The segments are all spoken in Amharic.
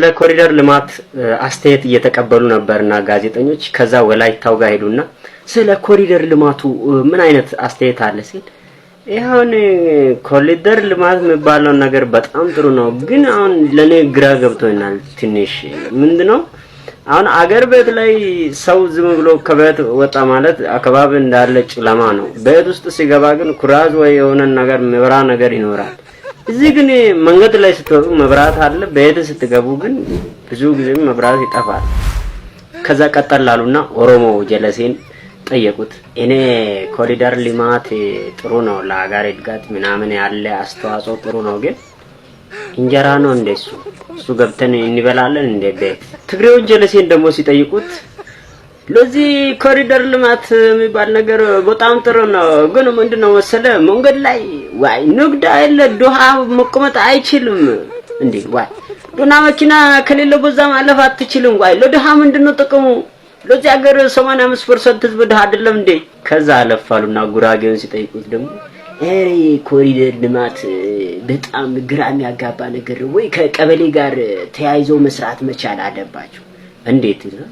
ስለ ኮሪደር ልማት አስተያየት እየተቀበሉ ነበርና ጋዜጠኞች ከዛ ወላይታው ጋር ሄዱና ስለ ኮሪደር ልማቱ ምን አይነት አስተያየት አለ ሲል ይሁን ኮሪደር ልማት የሚባለውን ነገር በጣም ጥሩ ነው፣ ግን አሁን ለእኔ ግራ ገብቶኛል ትንሽ ምንድነው አሁን አገር ቤት ላይ ሰው ዝም ብሎ ከቤት ወጣ ማለት አካባቢ እንዳለ ጨለማ ነው። ቤት ውስጥ ሲገባ ግን ኩራዝ ወይ የሆነ ነገር የሚበራ ነገር ይኖራል። እዚህ ግን መንገድ ላይ ስትወጡ መብራት አለ። በየት ስትገቡ ግን ብዙ ጊዜ መብራት ይጠፋል። ከዛ ቀጠላሉና ኦሮሞ ጀለሴን ጠየቁት። እኔ ኮሪደር ልማት ጥሩ ነው ለሀገር እድጋት ምናምን ያለ አስተዋጽኦ ጥሩ ነው፣ ግን እንጀራ ነው እንደሱ እሱ ገብተን እንበላለን እንደ ቤት። ትግሬውን ጀለሴን ደግሞ ሲጠይቁት ለዚህ ኮሪደር ልማት የሚባል ነገር በጣም ጥሩ ነው። ግን ምንድነው መሰለ መንገድ ላይ ዋይ ንግድ አይለ ድሃ መቆመጥ አይችልም እንዴ ዋይ ዱና መኪና ከሌለ በዛ ማለፍ አትችልም። ዋይ ለድሃ ምንድነው ጥቅሙ? ለዚህ ሀገር 85% ህዝብ ድሃ አይደለም እንዴ? ከዛ አለፋሉና ጉራጌውን ሲጠይቁት ደግሞ እሬ ኮሪደር ልማት በጣም ግራ የሚያጋባ ነገር ወይ ከቀበሌ ጋር ተያይዞ መስራት መቻል አለባቸው እንዴት ይላል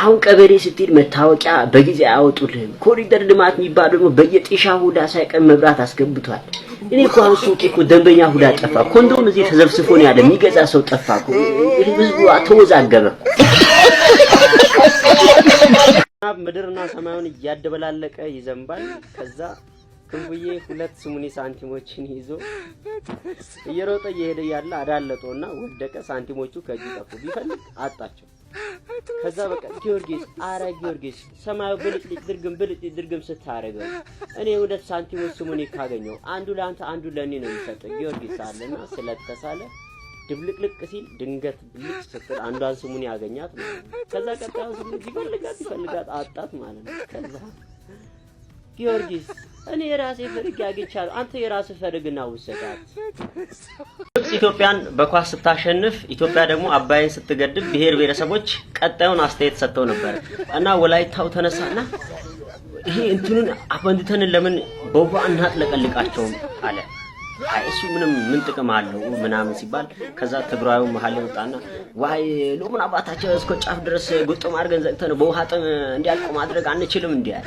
አሁን ቀበሌ ስትሄድ መታወቂያ በጊዜ አያወጡልህም። ኮሪደር ልማት የሚባለው ደግሞ በየጤሻ ሁዳ ሳይቀር መብራት አስገብቷል። እኔ እኮ አሁን ሱቅ እኮ ደንበኛ ሁዳ ጠፋ። ኮንዶም እዚህ ተዘብስፎ ነው ያለ። የሚገዛ ሰው ጠፋ እኮ ህዝቡ ተወዛገበ። ምድርና ሰማዩን እያደበላለቀ ይዘንባል። ከዛ ክንቡዬ ሁለት ስሙኒ ሳንቲሞችን ይዞ እየሮጠ እየሄደ ያለ አዳለጦና ወደቀ። ሳንቲሞቹ ከእጁ ጠፉ። ቢፈልግ አጣቸው። ከዛ በቃ ጊዮርጊስ አረ ጊዮርጊስ ሰማዩ ብልጭልጭ ድርግም ብልጭልጭ ድርግም ስታደርገው እኔ ሁለት ሳንቲሞች ስሙን ካገኘው አንዱ ለአንተ አንዱ ለእኔ ነው የሚሰጠው። ጊዮርጊስ አለና ስለተሳለ ድብልቅልቅ ሲል ድንገት ብልጭ ስትል አንዷን ስሙን ያገኛት ማለት ነው። ከዛ ቀጣዩ ስሙን ይፈልጋት ይፈልጋት አጣት ማለት ነው። ከዛ ጊዮርጊስ እኔ የራሴ ፈልግ ያግቻለሁ። አንተ የራስህ ፈልግና ውሰዳት። ግብጽ ኢትዮጵያን በኳስ ስታሸንፍ፣ ኢትዮጵያ ደግሞ አባይን ስትገድብ ብሔር ብሔረሰቦች ቀጣዩን አስተያየት ሰጥተው ነበር እና ወላይታው ተነሳና ይሄ እንትኑን አፈንድተንን ለምን በውሃ እናጥለቀልቃቸውም አለ። እሱ ምንም ምን ጥቅም አለው ምናምን ሲባል ከዛ ትግራዩ መሀል ወጣና ዋይ ሎምን አባታቸው እስከ ጫፍ ድረስ ጉጥም አድርገን ዘግተን በውሃ ጥም እንዲያልቁ ማድረግ አንችልም እንዲያል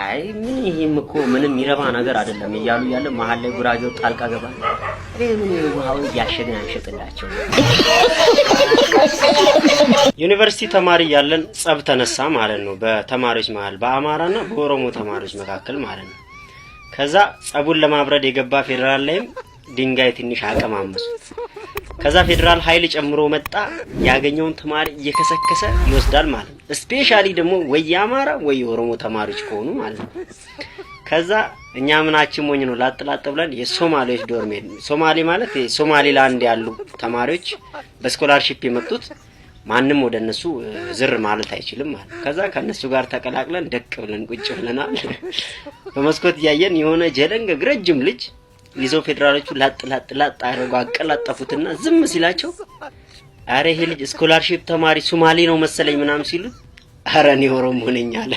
አይ ምን ይሄም እኮ ምንም ይረባ ነገር አይደለም እያሉ ያለ መሀል ላይ ጉራጌው ጣልቃ ገባ። ምን ውሃው እያሸግን አንሸጥላቸው። ዩኒቨርሲቲ ተማሪ ያለን ጸብ ተነሳ ማለት ነው፣ በተማሪዎች መሀል በአማራና በኦሮሞ ተማሪዎች መካከል ማለት ነው። ከዛ ጸቡን ለማብረድ የገባ ፌዴራል ላይም ድንጋይ ትንሽ አቀማመሱት። ከዛ ፌዴራል ኃይል ጨምሮ መጣ። ያገኘውን ተማሪ እየከሰከሰ ይወስዳል ማለት ነው። ስፔሻሊ ደግሞ ወይ አማራ ወይ የኦሮሞ ተማሪዎች ከሆኑ ማለት ነው። ከዛ እኛ ምናችን ሞኝ ነው ላጥላጥ ብለን የሶማሌዎች ዶርም ሶማሌ ማለት የሶማሊላንድ ያሉ ተማሪዎች በስኮላርሺፕ የመጡት ማንም ወደ እነሱ ዝር ማለት አይችልም ማለት። ከዛ ከእነሱ ጋር ተቀላቅለን ደቅ ብለን ቁጭ ብለናል። በመስኮት እያየን የሆነ ጀለንገ ግረጅም ልጅ ይዘው ፌዴራሎቹ ላጥ ላጥ ላጥ አድርገው አቀላጠፉትና ዝም ሲላቸው አረ ይሄ ልጅ ስኮላርሺፕ ተማሪ ሱማሌ ነው መሰለኝ ምናምን ሲሉት አረ እኔ ኦሮሞ ነኝ አለ።